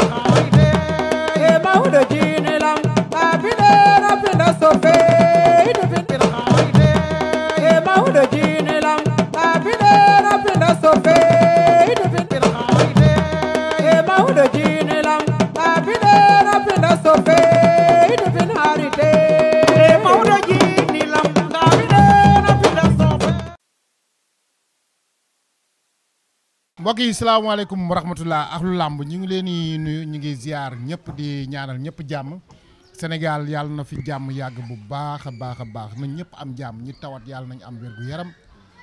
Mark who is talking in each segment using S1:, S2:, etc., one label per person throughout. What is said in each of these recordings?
S1: Sirha
S2: mbokk yi salaamaaleykum wa rahmatullah làmb ñu ngi leen di nuyu ñu ngi ziar ñëpp di ñaanal ñëpp jàmm Sénégal yàlla na fi jàmm yàgg bu baax a baax a baax na ñëpp am jàmm ñi tawat yàlla nañu am wér yaram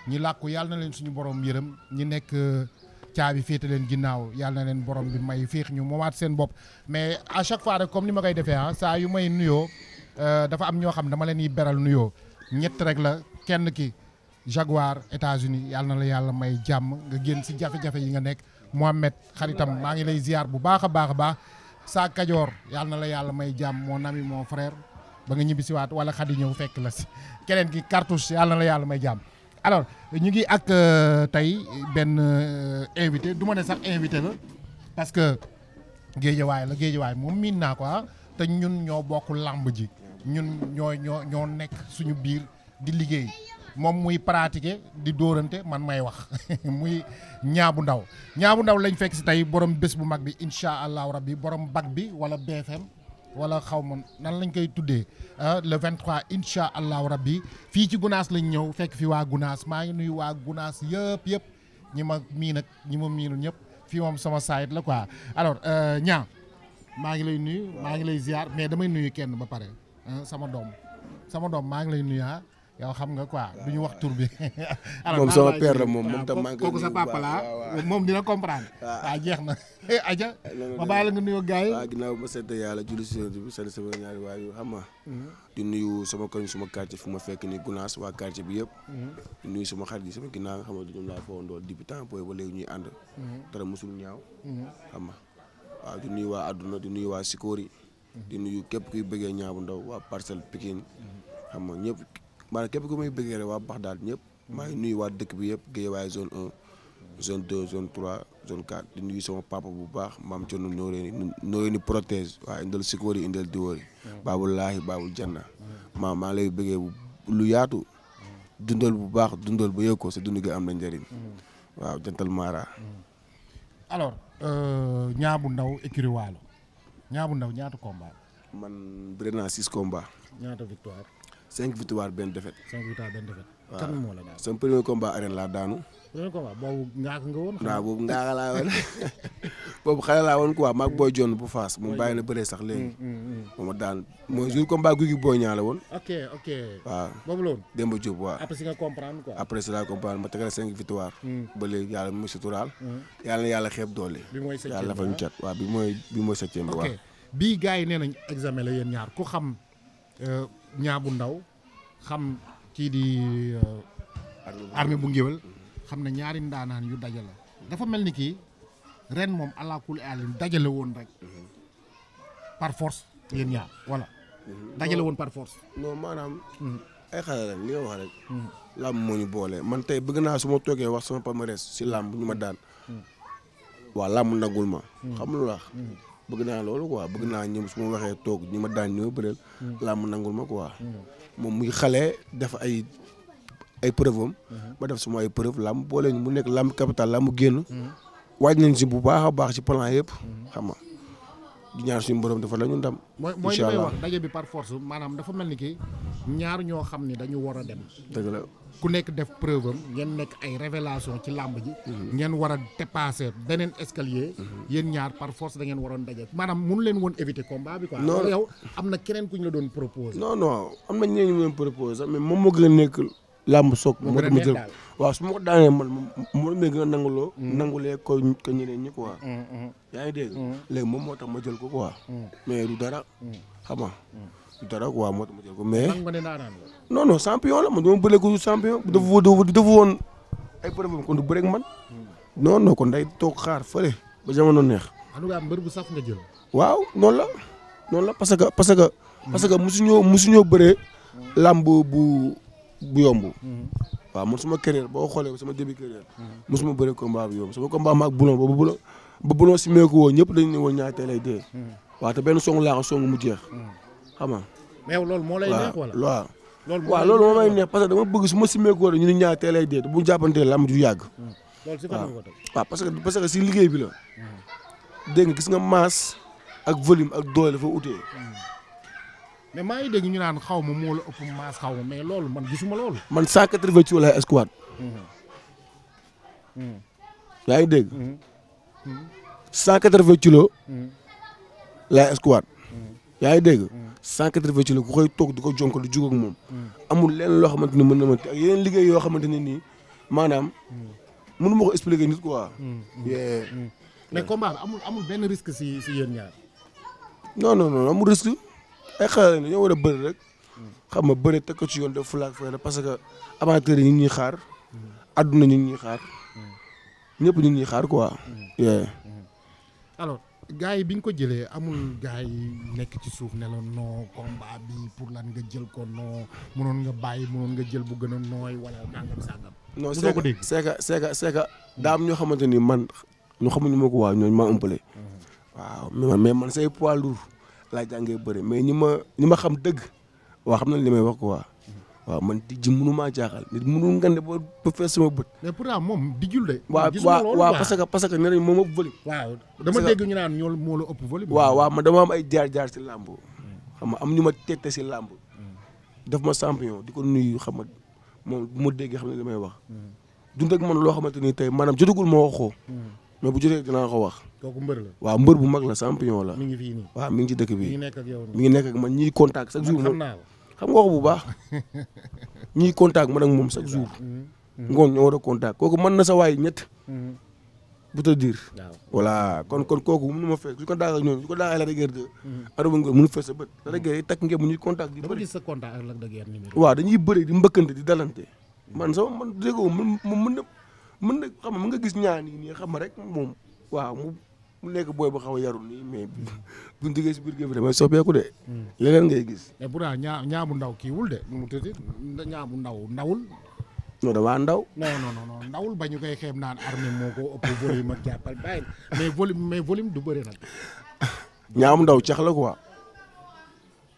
S2: ñi làkku yàlla na leen suñu borom yërëm ñi nekk uh, caabi féete leen ginnaaw yàlla na leen borom bi may féex ñu moomaat seen bopp mais à chaque fois comme ni ma koy defee ah saa yu may nuyoo uh, dafa am ñoo xam dama leen yi beral nuyoo ñett rek la kenn ki. Jaguar États-Unis yàlla na la yàlla may jàmm nga génn si jafe-jafe yi nga nekk Mohamed xaritam maa ngi lay ziar bu baax a baax a baax saa Kajoor yàlla na la yàlla may jàmm moo ami moo frère ba nga ñibbi si waat wala xadi ñëw fekk la si keneen ki cartouche yàlla na la yàlla may jàmm alors ñu ngi ak euh, tey benn euh, invité du ma ne sax invité la parce que géejawaay la géejawaay moom miin naa ko ah. te ñun ñoo bokk làmb ji ñun ñoo ñoo ñoo nekk suñu biir di liggéey moom muy pratiquer di dóorante man may wax muy ñaabu ndaw ñaabu ndaw lañ fekk si tey borom bés bu mag bi incha allahu bi borom bag bi wala BFM wala xaw ma nan lañ koy tuddee ah, le 23 incha allahu bi fii ci gunaas lañ ñëw fekk fi waa gunaas maa ngi nuyu waa gunaas yëpp yëpp ñi ma miin ak ñi ma miinul ñëpp fii moom sama saayit la ko alors ñaa euh, maa ngi lay nuyu maa ngi lay ziar mais damay nuyu kenn ba pare ah, sama doom sama doom maa ngi lay nuyu ah. yow xam nga quoi du ñu wax tur bi. moom sama per la moom moom tam maa kooku sa papa moom dina comprendre. Ah. waaw jeex na. aja eh, ma
S1: bàyyi la nga nuyoo gars yi. ginnaaw ma sant yàlla julli si bi sant sama ñaari waay yu xam ma mm-hmm. du nuyu sama koñ suma quartier fu ma fekk nii Gunaas waa quartier bi yëpp. Mm-hmm. di nuyu sama xarit yi sama ginnaaw xam nga ñoom laa foo ndool depuis temps booy ba léegi ñuy ànd. Mm-hmm. dara musul ñaaw. xam nga waaw di nuyu waa àdduna di nuyu waa Sikori. di nuyu képp kuy bëggee ñaabu ndaw waa parcelle Pikine. xam ñëpp. maa képp ku may bëggee rek waa Baxdaad ñëpp maa ngi nuyu waa dëkk bi yëpp Guédiawaye zone 1 zone 2 zone 3 zone 4 du nuyu sama papa bu baax maam Thionou Nooré Nooré ni protège waa indal sikoori indal diwóori baabul laahi baabul janna maa maa lay bëggee lu yaatu dundal bu baax dundal bu yëg ko sa dund gi am na njëriñ waaw jantal maara
S2: alors euh, Niang bu Ndaw écurie Walo Niang Ndaw ñaata combat
S1: man bëri naa six combat cinq victoire benn défaite. cinq victoire benn défaite. waaw kan moo la daal. sama bu Faas moom bàyyi na bëree sax léegi. Mm, mm, mm. moom daan mooy jour combat guy gi booy ñaa la woon. ok ok waaw. boobu la cinq victoire. ba léegi yàlla mu suturaal. yàlla na yàlla
S2: bi mooy yàlla fa ñu cat
S1: waaw bi mooy bi mooy
S2: yi nee examen la yéen ñaar ku xam. Euh, ñaabu ndaw xam kii di euh, armée bu ngéwél xam na ñaari ndaanaan yu daje la dafa mel ni kii ren moom alaakul alim dajale woon rek par force yéen ñaar
S1: dajale woon par force non maanaam hmm. hmm. moo ñu boole man tey bëgg naa su ma toogee wax sama palmarès si làmb ñu ma daan hmm. waa làmb nagul ma xam bëgg naa loolu quoi bëgg naa ñoom su ma waxee toog ñi ma daan ñoo bëreel. Mm. làmb nangul ko quoi. Mm. moom muy xale def ay ay preuve ba mm-hmm. def suma ay preuve làmb boole mu nekk làmb capital làmb génn. Mm-hmm. waaj nañ si bu baax a baax si plan yëpp. Mm-hmm. xam nga di ñaar suñu dafa la ñu ndam. incha allah mooy mooy wax
S2: daje bi par force maanaam dafa mel ni kii ñaar ñoo xam ne dañu war a dem. dëgg la ku nekk def preuve am ngeen nekk ay révélation ci làmb ji. Mhm. ngeen war a dépasser beneen escalier. Mhm. yéen ñaar par force da ngeen waroon daje. maanaam mënu leen woon éviter combat bi quoi. non yow am na keneen ku ñu doon proposé. non non
S1: am na ñeneen ñu mais moom moo gën a nekk làmb soog. moo gën a nekk daal waaw su ma ko daanee man moom moo gën a nanguloo. Mhm. nangulee ko ko ñeneen yaa ngi dégg. léegi moom moo tax ma jël ko quoi. mais du dara. xam dara quoi moo tax ma jël ko mais. lan
S2: nga ne naanaan la.
S1: non non champion la man dama bële ko champion. dafa dafa woon ay problème kon du bëreeg man. Hmm. non non kon day toog xaar fële ba jamono neex.
S2: en tout cas mbër bu saf nga jël.
S1: waaw noonu la noonu la parce que parce que. parce que mosuñoo mosuñoo bëree. Hmm. làmb bu bu yomb. Hmm. waaw man suma carrière boo xoolee sama début carrière. mosuma bëree combat bu yomb sama combat maag bulon ba bulon ba bulon si meeku woo ñëpp dañu ne woon ñaari tey lay dee. waaw te benn song laa ko song mu jeex. xam nga.
S2: mais loolu moo lay neex wala waaw loolu waaw loolu moo
S1: may neex parce dama bëgg su ma simmee ko ñu ne ñaar teel ay déet bu ñu jàppantee la am du yàgg. Hmm. loolu si parce que parce que si liggéey bi la. Hmm. nga gis nga masse ak volume ak doole dafa utee. Hmm.
S2: mais maa ngi dégg ñu naan xaw ma moo la xaw ma mais loolu man gisuma loolu.
S1: man 180 kilos laay squat. yaa ngi dégg. 180 kilos. laay yaa ngi dégg. 180 mm. kilos ku koy toog di ko jonk di jug moom. Mm. amul lenn loo xamante ni mën na ma ak yeneen liggéey yoo xamante ne nii maanaam. Mm. mënu ma ko expliquer nit quoi.
S2: mais comme amul amul benn risque si si yéen ñaar.
S1: non non non amul risque ay xale la ñoo war a bëri rek. xam nga bëri teg ko ci yoon def fulaak fayda parce que amateurs yi ñu ñuy xaar. adduna ñu ñuy xaar. ñëpp ñu ñuy xaar quoi.
S2: alors. gars yi bi ñu ko jëlee amul gars yi nekk ci suuf ne la non combat bi pour lan nga jël ko noo mënoon nga bàyyi mënoon nga jël bu gën a nooy wala nangam sàngam. non c'est que
S1: c'est que c'est que c'est daa am ñoo xamante ni man ñu xamuñu ma ko waa ñooñu maa ëmpale. waaw mais man say poids lourd laa jàngee bëri mais ñi ma ñi ma xam dëgg waa xam nañ li may wax ko waa waaw man dijji mënumaa jaaxal nit mënul nga ne ba ba fees sama bët.
S2: mais pourtant moom dijjul de. waaw waaw parce que parce que nee moom ëpp
S1: volume. dama dégg
S2: ñu naan ñoo moo la ëpp volume. waaw waaw dama am ay
S1: jaar-jaar si làmb. xam nga am ñu ma tete si làmb. daf ma champion di ko nuyu xam nga moom bu ma déggee xam ne li may wax. dund ak man loo xamante ni tey maanaam jotagul ma waxoo. mais bu jotee wax. kooku mbër la waaw mbër bu mag la champion la. mi ngi fii nii waaw mi ngi ci nekk ak yow nekk ak man ñiy contact chaque jour. xam nga ko bu baax ñuy contact man ak moom chaque jour. ngoon ñoo war a kooku mën na sa waay ñett. bu te dire. voilà kon kon kooku mënu ma fees su ko daal ko daal la rek de. adama ngoon mënu fees sa bët. la rek yi takk ngeen mu ñuy contact di
S2: bëri sa contact ak Lac de Guiers
S1: dañuy bëri di mbëkkante di dalante. man sama man déggoo mën mën na mën na nga gis ñaan yi nii xam rek moom waaw mu nekk booy bu xaw a yarul nii
S2: mais buñ duggee si biir géej bi damay soppeeku de. leneen ngay gis. mais bu daan ñaa ñaa bu ndaw kiiwul de nu mu tëddee ñaa bu ndaw ndawul. non damaa ndaw. non ndawul ba ñu koy xeeb naan armée moo ko ëpp volume ak jàppal bàyyi mais volume du bëri nag.
S1: ñaam ndaw cax la quoi.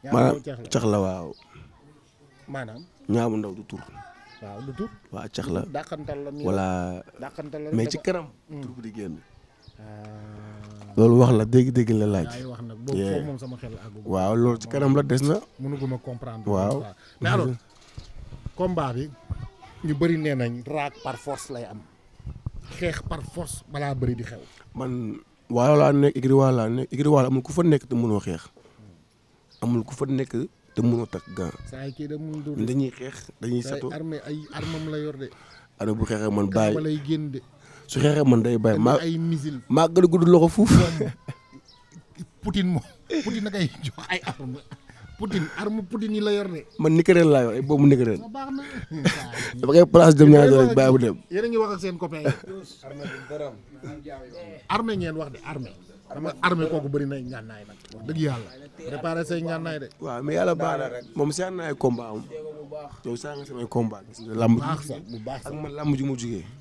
S2: ñaam ndaw cax la waaw. maanaam.
S1: ñaamu ndaw du tur. waaw du tur. waaw cax la dàqantal la. voilà dàqantal la mais ci kanam. Mm. tur bi di génn. Euh, loolu wax la dégg-dégg la laaj. waaw loolu ci kanam la des na. mënuguma comprendre. waaw
S2: mais alors combat bi ñu bëri nee nañ raag par force lay am xeex par force balaa bari di xew. man
S1: waaw laa nekk igri waa laa nekk igri amul ku fa nekk te mënoo xeex amul ku fa nekk te mënoo takk gan. kii da mun dañuy xeex
S2: dañuy. sato ay armée ay armam la yor de. ana bu xeexee man bàyyi génn
S1: su xeexee man day bàyyi maa ay missile maa gën a gudd loxo fuuf.
S2: Poutine moom Poutine da koy jox ay arme Poutine arme Poutine yi la yor de.
S1: man nikkereel laa yor ay boobu nikkereel. dama koy place dem ñaari rek bàyyi bu dem.
S2: yéen a ngi wax ak seen copain yi. arme ngeen wax de arme. xam nga armée kooku bëri nay ngànnaay nag wax dëgg yàlla préparé say ngànnaay de waaw mais yàlla baax na rek
S1: moom seet naa ay combat am
S2: yow saa nga ji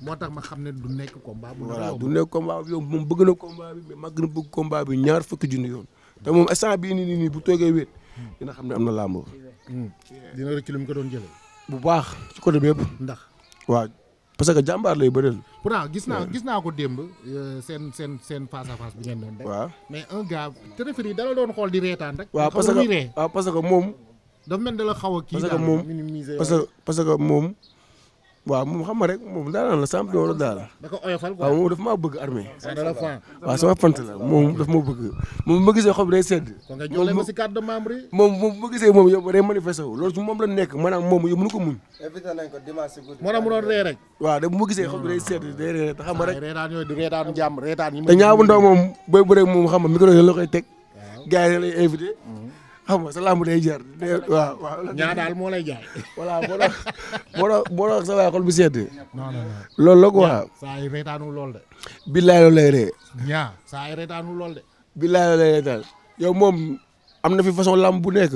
S2: moo tax ma xam ne du nekk combat bu voilà du nekk
S1: combat bi yow moom bëgg na combat bi mais mag na bëgg combat bi ñaar fukki junni yoon te moom instant bii nii nii bu toogee wéet dina xam ne am na lamb
S2: hmm. dina rëcc li mu ko doon jëlee bu baax ci côté bi ndax
S1: waaw parce que jàmbaar lay bëreel.
S2: pourtant gis naa gis naa ko démb euh, seen seen seen face à face bi ngeen doon def. waaw mais un gars te referee dala doon xool di reetaan rek. waaw parce que waaw parce moom. dafa mel ni dala xaw kii daal minimiser parce que
S1: parce que moom. waaw moom xam nga moom daanaan la champion la daal. da ko oyofal quoi waaw moom dafa maa bëgg armée. waaw sama fant la moom dafa ma bëgg moom ma gisee xob day sedd. kon nga jox moom moom ma gisee moom yow day manifesté wu loolu su moom la nekk maanaam moom yow mënu ko muñ.
S2: éviter nañ ko dimanche si guddi. moo tax munoon ree rek. waaw de bu moom
S1: booy bu rek moom xam nga micro yi la koy teg. xam nga sa làmb day jar waaw
S2: waaw. ñaa daal moo lay jaay. voilà boo saa yi reetaanu lool de. billaay loolu lool de. billaay
S1: loolu lay na fi façon lamb bu nekk.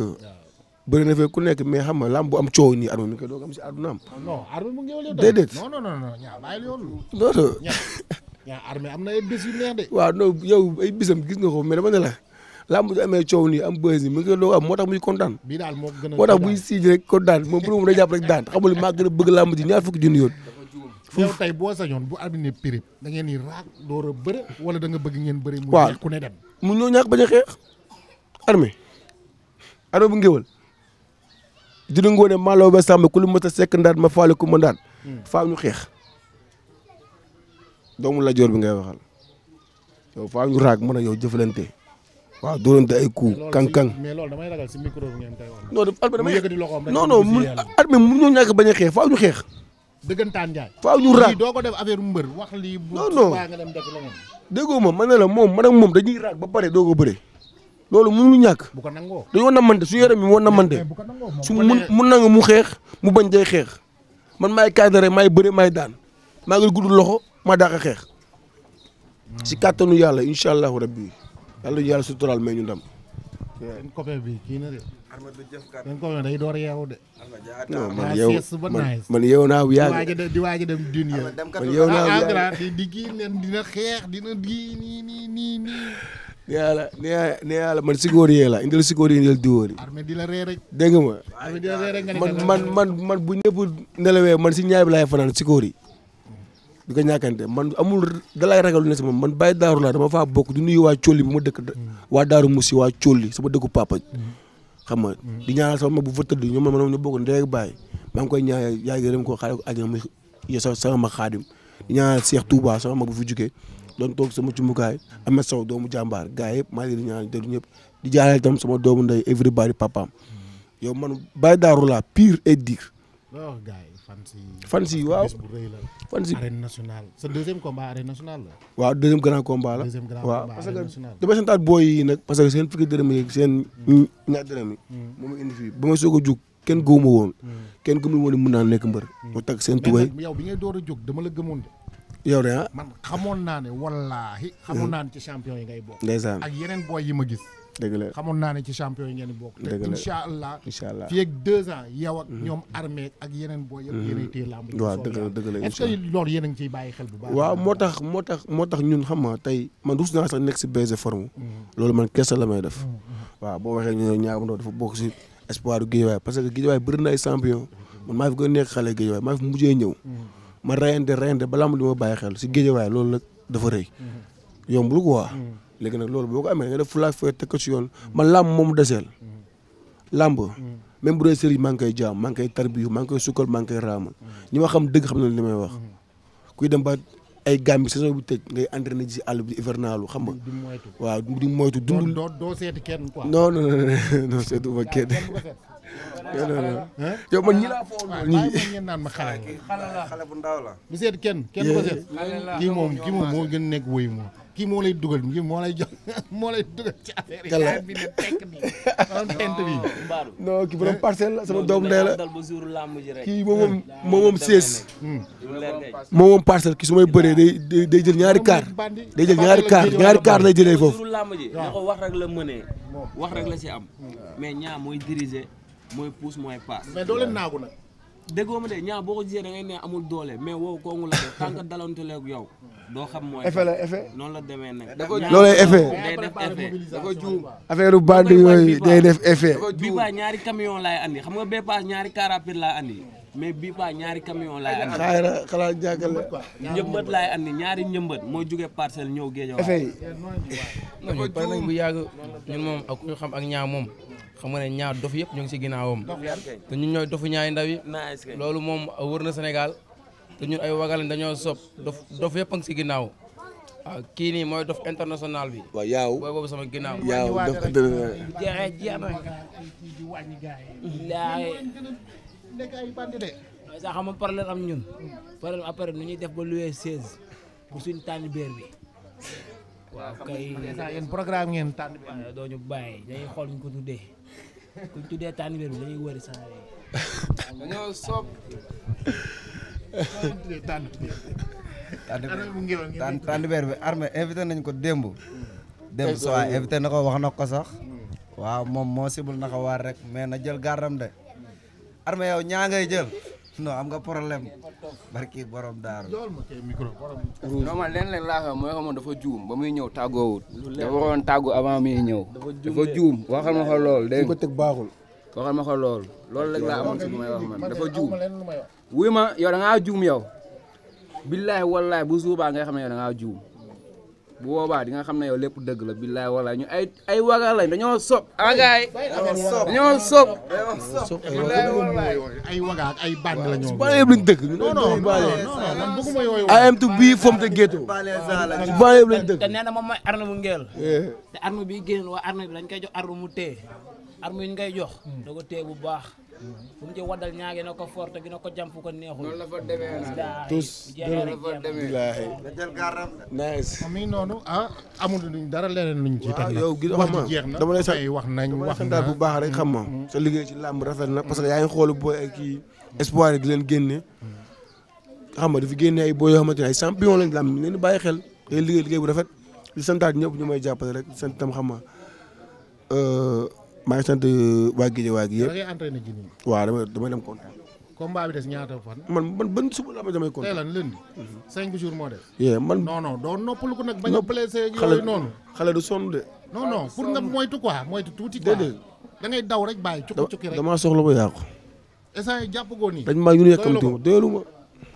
S1: bëri na fee ku nekk mais xam nga làmb bu am coow nii arme mi
S2: si àdduna am. non arme mu ngi yow déedéet non non non ñaa bàyyi yoon non non. ñaa arme na ay bés de.
S1: waaw non yow ay bisam gis nga ko mais dama làmb ji amee coow nii am bës nii mu ngi koy doog am moo tax muy kontaan.
S2: bii daal moo gën a moo tax buy
S1: siij rek kontaan moom bu mu da jàpp rek daan xamul maa gën a bëgg làmb ji ñaar fukki junni yoon.
S2: yow tey boo sañoon bu abine pirip da ngeen di raak door a bëre wala da nga bëgg ngeen bëri mu ñàkk ku ne dem mu ñoo
S1: ñàkk bañ a xeex armée armée bu ngéwal dina ngoone maaloo ba sàmm ku lu mës a sekk ndaat ma faale ku ma ndaat hmm. faaw ñu xeex doomu la joor bi ngay waxal yow faaw ñu raak mën a yow jëfalante waaw dóorante ay coups kànkàn.
S2: mais loolu damay ragal si micro bi koy wax. non Albé damay yëkkati loxoom rek. non non mu
S1: Albé mënuñoo ñàkk xeex faaw ñu xeex.
S2: dëggantaan Ndiaye. faaw ñu raag lii doo ko def affaire mbër wax lii. bu subaa nga
S1: ma ma ne la moom man ak moom dañuy raag ba pare doo ko bëre. loolu mënuñu ñàkk. bu ko nangoo dañoo namante su yaram yi moo namante. bu ko nangoo su mu mun nangu mu xeex mu bañ day xeex. man maay cadre may bëre maay daan maa ngi gudd loxo maa daaka xeex. si kàttanu yàlla incha allahu rabbi yàlla ñu yàlla suturaal may ñu ndam.
S2: seen copain bi kii na de. seen copain day door yeewu de. non man yeewu man man yeewu naa bu yàgg. di waaj dem dun ya man yeewu naa bu ah, yàgg di kii leen dina xeex dina di nii nii nii nii. nee yàlla
S1: nee yàlla man sigóor yee la indil sigóor yi indil diwóor yi.
S2: armée di la ree rek.
S1: dégg nga ma. di la ree rek nga man man man bu ñëpp nelawee man si ñaay bi laay fanaan sigóor yi. di ko ñàkkante man amul dalay ragal lu ne si moom man bàyyi daaru dama faa bokk di nuyu waa Thiolli bi ma dëkk. Mm. waa daaru Moussi waa Thiolli sama dëkku papa. Mm. xam nga mm. di ñaanal sama mag bu fa tëdd ñoom man ñu bokk ndey baay maa ngi koy ñaanal yaa ngi ko xaare ko àjjana muy sama mag xaadim di ñaanal Cheikh Touba sama mag bu fi jugee doon toog sama cumbukaay Ahmed Sow doomu jàmbaar gars yëpp maa ngi di ñaanal déglu ñëpp di jaarale itam sama doomu ndey everybody papaam yow man bàyyi daaru laa pire et
S2: fans yi waaw fans yi arène nationale sa deuxième combat arène nationale la.
S1: waaw grand combat la. deuxième grand combat waaw parce que dama santaat booy hmm. hmm. ba ma soog a jug kenn gëwuma woon. Hmm. kenn gëmul woon ne naa nekk mbër. mu tag seen tubay yow bi ngay door a yow de ah. man
S2: xamoon naa ne wallaahi. xamoon naa ne ci champion yi ngay bokk. ndeysaan ak yeneen boy yi ma gis. dëgg la xamoon naa ne ci champion yi ngeen bokk. dëgg la te incha allah. incha allah fii ak deux ans yow ak mm-hmm. ñoom armée ak yeneen boy yëpp mm-hmm. yéenay téye làmb. waaw dëgg
S1: la dëgg la est-ce que
S2: loolu yéen a xel bu baax.
S1: waaw moo tax tax moo xam nga tey man rus naa sax nekk si baisse de forme. Mm-hmm. loolu man kese la may def. waaw boo waxee ñu ne Niang bu Ndaw dafa bokk si espoir du Guédiawaye parce que Guédiawaye bëri ay champion man maa fi gën a nekk xale Guédiawaye maa fi mujjee ñëw ma reyante reyante balaa ma li ma bàyyi xel si géejewaay loolu nag dafa rëy. yombul quoi. léegi nag loolu boo ko amee nga def fulaak fee teg ko si yoon ma làmb moom deseel. làmb. même bu dee sëriñ maa ngi koy jaam maa ngi koy tarbiyu maa ngi koy sukkal maa ngi koy raamal ñi xam dëgg xam na li may wax. kuy dem ba ay gàmbi saison bu tëj ngay entraîné ji si àll bi hivernalu xam nga. di moytu waaw di moytu dundul. doo
S2: doo seeti kenn quoi. non yow man ñi laa foog ah, ñii ngeen ma xale la xale bu ndaw la bu seet kenn kenn kii moom moo gën nekk woyu moom kii moo lay dugal kii moo lay jox moo lay dugal ci affaire yi bi ne tekk bi borom ah, tent kii borom la sama doom ndey la kii moom moom moom sées hmm. moom moom parcelle kii
S1: su may bëree day day jël ñaari kaar day jël ñaari kaar ñaari kaar lay jëlee foofu wax rek la mënee
S2: wax rek la ci am
S1: hmm. mais ñaa mooy pousse mooy passe. mais doo leen ma de ñaa boo ko gisee da ngay ne amul doole mais wow kooku la def tant que yow doo xam mooy. effet la effet noonu la demee nag. da ko loolay effet day def effet affaire bande yooyu day def ñaari camion laay andi xam nga bee paas ñaari car rapide laay andi mais bii paa ñaari camion laay andi. xaaral xalaat jàngale. njëmbat laay andi ñaari njëmbat moo jóge parcelle ñëw
S2: géej. effet yi.
S1: bu yàgg ñun moom ak ñu xam ak ñaa moom. xam nga ne ñaar dof yëpp ñu ngi ci ginnaawam te ñun ñooy dofu ñaari ndaw yi loolu moom wër na Sénégal te ñun ay wagalañ dañoo sob dof dof yëpp a ngi si ginnaaw kii nii mooy dof international bi. waaw yaaw booy boobu sama ginnaaw. yaaw dof international xam nga problème am ñun. problème après nu ñuy def ba loué 16 pour suñu tànn beer bi. waaw kay yéen ngeen tànn beer. doo ñu bàyyi dañuy xool ko tuddee. ku ñu tuddee tànnbéer bi dañuy wëri saa yi.
S2: dañoo soob. tànn
S1: tànnbéer invité nañ ko démb. démb na ko wax na ko sax. waaw moom moo sibul naka waar rek na jël gàrdam de. armée yow ñaa ngay non am nga problème barki borom daaru. non man lenn laa xam mooy xam dafa juum ba muy ñëw tàggoowut. dafa waroon tàggu avant muy ñëw. dafa juum waxal ma ko lool dégg ko teg baaxul. waxal ma lool loolu rek laa amoon dafa juum. wuy ma yow da ngaa juum yow. billaahi wallaahi bu suubaa nga xam da ngaa juum. bu boobaa nga xam ne yow lépp dëgg la billaay walaay ñu ay
S2: ay waga lañ dañoo sob agaay ah, dañoo sob ay waga ak ay band la ñoo bale yëpp lañ dëgg non non I am to
S1: be from the ghetto bale yëpp lañ dëgg te nee na moom mooy arme bu ngeel eh. te arme bi génn waa arme bi dañ koy jox arme mu téye arme yi ñu koy jox hmm. da bu baax fu mu ci waddal ñaage na ko forte gi ko jàmp ko neexul. noonu la fa demee naa tous la
S2: mi noonu ah amul luñ dara leneen luñ ci teg yow gi wax ma dama lay sant
S1: wax nañ wax na bu baax rek xam ma mm. sa liggéey ci làmb rafet na parce que yaa xool xoolu booy ay kii espoir di leen génne xam nga dafa génne ay booy yoo xamante ay champion lañ làmb ñu leen bàyyi xel ngay liggéey liggéey bu rafet di santaat ñëpp ñu may jàppale rek sant tam xam ma maa ngi sant euh, waa Guédiawaye gi yëpp. da ngay entraîné ji nii. waaw damay damay dem kontaan.
S2: combat bi des ñaata fan. man man ban suba la ma damay kontaan. tey lan lundi. cinq jours moo des. man non non doo noppalu ko nag. bañ a blessé yooyu noonu. xale du sonn de. non non pour nga moytu quoi moytu tuuti quoi. déedéet da ngay daw rek bàyyi cukki cukki rek.
S1: damaa soxla ba yàqu.
S2: instant yii jàpp goo nii. dañ maa yónnee yàkkamti ma
S1: doyalu ma.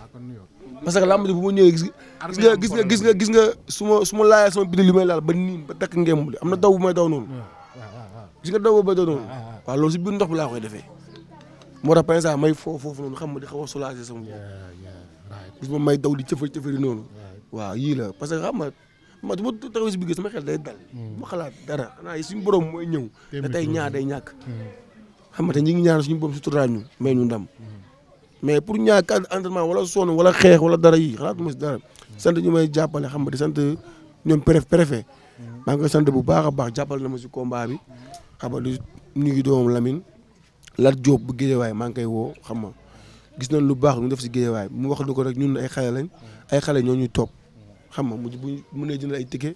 S1: Ah, parce que lamb ji bu ma ñëwee gis nga gis nga gis nga gis nga su ma su ma laajee sama bind li may laal ba niin ba takk ngeem am na daw bu may daw noonu gis nga doo ba doon ah, ah. waaw loolu si biir ndox laa koy defee moo tax may foofu foofu noonu xam ma di xaw a soulager sama bopp gis ma may daw di cëfër cëfëri noonu waaw yii la parce que xam nga ma du ma taxaw si biir sama xel day dal hmm. ma xalaat dara yi suñu borom mooy ñëw da tey ñaar day ñàkk hmm. xam nga te ñi ngi ñaan suñu borom sutura ñu may ñu ndam hmm. mais pour ñaak entraînement wala sonn wala xeex wala dara yi xalaat mos dara ñu may jàppale xam nga di sant ñoom préf préfet maa bu baax a baax jàppale na ma si combat bi xam nga di nuyu doomam Lamine Lat Diop bu Géejawaay maa ngi koy woo xam nga gis nañ lu baax lu ñu def si Géejawaay mu wax ni ko rek ñun ay xale lañ ay xale ñoo ñuy topp xam nga mu bu mënee jënd ay ticket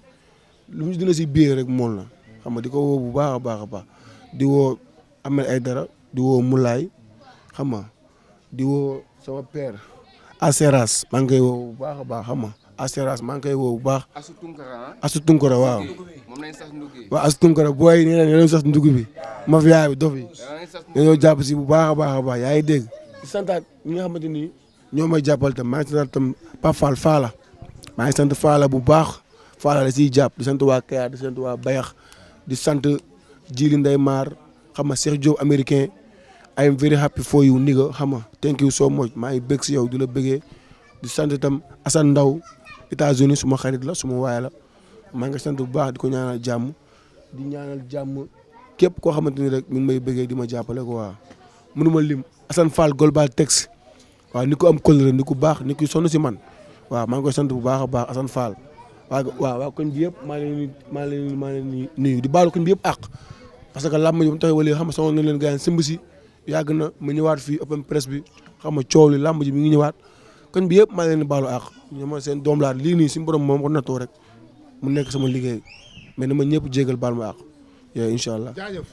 S1: lu ñu dina si biir rek mool na xam nga di ko woo bu baax a baax a baax di woo Ahmed Aïdara di woo Moulay xam nga di woo sama père Aseras maa ngi koy woo bu baax a baax xam nga assurance maa ngi koy woo bu baax. asu ah. tunkara waaw. waaw asu tunkara booy yi nee na ñoo sax ndugg bi mafia bi dof yi dañoo jàpp si bu baax a baax a baax yaa ngi dégg. di santaat ñi nga xamante ni ñoo may jàppal tam maa ngi santaat tam Pape Fall Fala maa ngi sant Fala bu baax Fala da siy jàpp di sant waa Kayar di sant waa Bayax di sant Jili Ndeye Mar xam nga Cheikh Diop américain I am very happy for you nigga xam nga thank you so much maa ngi bëgg si yow di la bëggee di sant tam Assane Ndaw États-Unis suma xarit la suma waay la maa ngi sant bu baax di ko ñaanal jàmm di ñaanal jàmm képp ko xamante ni rek mi ngi may bëggee di ma jàppale quoi mënuma lim a Fall Global Tex waaw ni ko am kóllëre ni ku baax ni ku sonn si man waaw maa ngi koy sant bu baax a baax Assane Fall waaw waaw waaw koñ bi yëpp maa leen maa leen maa leen nuyu di baalu koñ bi yëpp àq parce que làmb ji mu taxee wala xam nga sonal na leen gars yi simb si yàgg a ma ñëwaat fii open presse bi xam kon bi yëpp maa leen di baalu àq ñoom mooy seen doom laa lii nii suñu borom moom ko nattoo rek mu nekk sama liggéey mais na ma ñëpp jégal baal ma àq yooyu incha allah.
S2: jaajëf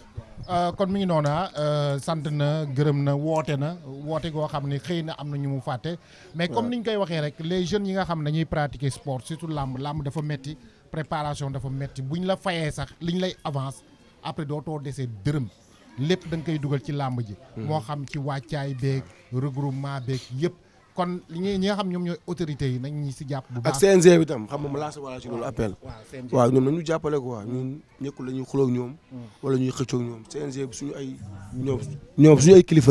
S2: euh, kon mi ngi noona ah, euh, sant na gërëm na woote na woote goo xam ne xëy na am na ñu mu fàtte. mais comme ni ñu koy waxee rek les jeunes yi nga xam ne dañuy pratiquer sport surtout làmb làmb dafa metti préparation dafa metti ñu la fayee sax liñ lay avance après dootoo desee dërëm. lépp da koy dugal ci làmb ji. Hmm. moo xam ci wàccaay beeg regroupement beeg yëpp. kon li ñuy ñi nga xam ñoom ñoo autorités yi nañ ñu si jàpp bu baax ak CNG bi tam xam nga ma lancé wala ci loolu appel waaw ñoom ñu
S1: jàppale quoi ñun ñëkkul la ñuy ñoom hmm. wala ñuy xëccoo ak ñoom CNG bi suñu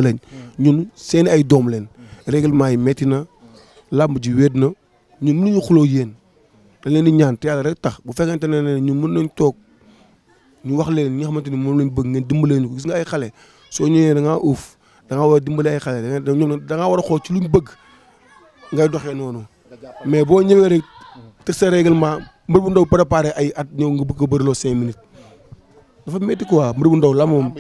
S1: hmm. ñun seen ay doom leen hmm. règlement yi métti na làmb ji wéet na ñun mënuñu xuloo yéen dañ leen di ñaan te yàlla rek tax bu fekkente ne ne ñun mun nañ toog ñu wax leen ñu nga xamante ni moom lañ bëgg ngeen dimbalee ñu ko gis nga ay xale soo ñëwee da ngaa uuf da ngaa war a dimbale ay xale da ngaa war a xool ci luñ bëgg ngay doxee noonu mais boo ñëwee rek te sa règlement mbër bu ndaw préparé ay at ñëw nga bëgg a bëriloo cinq minutes dafa métti quoi mbër bu ndaw la moom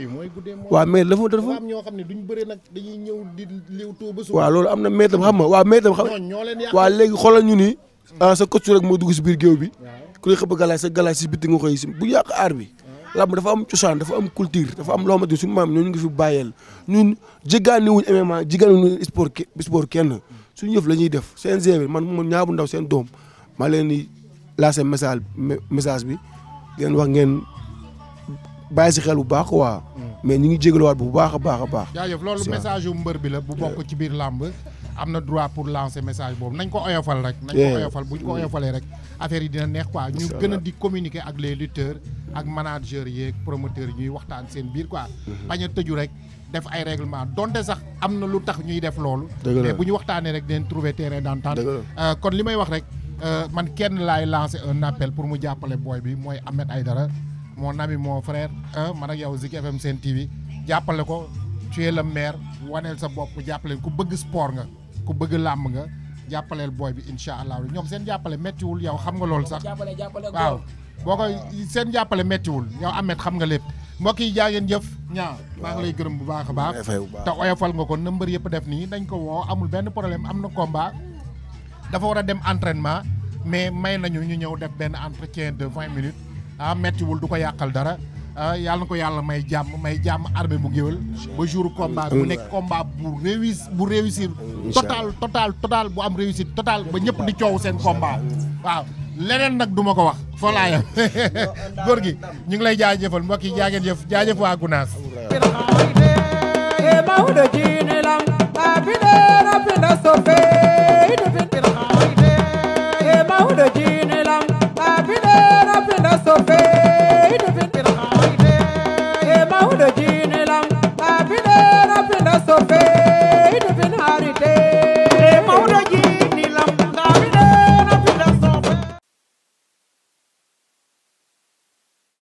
S2: waaw mais dafa dafa am ñoo xam ne duñ bëre nag dañuy ñëw di liwtoo ba loolu am na mais xam nga waaw mais tam xam waaw léegi xoolal
S1: ñu ni ah, sa coach rek moo dugg si biir géew bi ku ne xëpp galaay sa galaay si bitti nga koy si bu yàq aar bi lamb dafa am cosaan dafa am culture dafa am loo xamante ni suñu maam ñooñu ngi fi bàyyeel ñun jéggaani wuñ MMA jéggaani wuñ sport sport kenn suñu yëf la ñuy def CNG bi man moom Niang Bou Ndaw seen doom maa leen di lancé message message bi ngeen wax ngeen bàyyi si xel bu baax quoi. Mm. mais ñu ngi jégaluwaat bu baax a baax a baax. jaajëf
S2: loolu message yu mbër bi la bu bokk ci biir làmb am na droit pour lancer message boobu nañ ko oyofal rek. nañ ko oyofal bu ñu ko oyofalee rek affaire yi dina neex quoi. ñu gën di communiquer ak les lutteurs ak managers yeeg promoteurs yi ñuy waxtaan seen biir quoi. Mm-hmm. bañ a tëju rek. def ay règlement donte sax am na lu tax ñuy def loolu. mais bu ñu waxtaanee rek dinañ trouver terrain d'entente euh, kon li may wax rek euh, man kenn laay lancé un pour mu jàppale booy bi mooy Ahmed Aïdara mon ami moo frère euh, man ak yow si FM Sen TV jàppale ko tu maire waneel sa bopp jàppale ku bëgg sport nga ku bëgg làmb nga jàppaleel booy bi incha allah ñoom seen jàppale méttiwul yow xam nga loolu sax. waaw boo koy seen jàppale méttiwul yow Ahmed xam nga lépp. mbokk yi jaa ngeen jëf ñaa maa ngi lay gërëm bu baax a baax te oyofal nga ko nëmbër yëpp def nii dañ ko woo amul benn problème am na combat dafa war a dem entraînement mais may nañu ñu ñëw def benn entretien de vingt minutes ah méttiwul du ko yàqal dara ah, yàlla na ko yàlla may jàmm may jàmm armée bu géwél ba jour combat bu nekk combat bu réussir bu réussir total total total bu am réussite total ba ñëpp di coow seen combat waaw leneen nag duma ko wax folaayam góor gi ñu ngi lay jaajëfal mbokk yi jaageen jëf jaajëf waa Gunaas mawɗo jiinilam aabine rabina sofe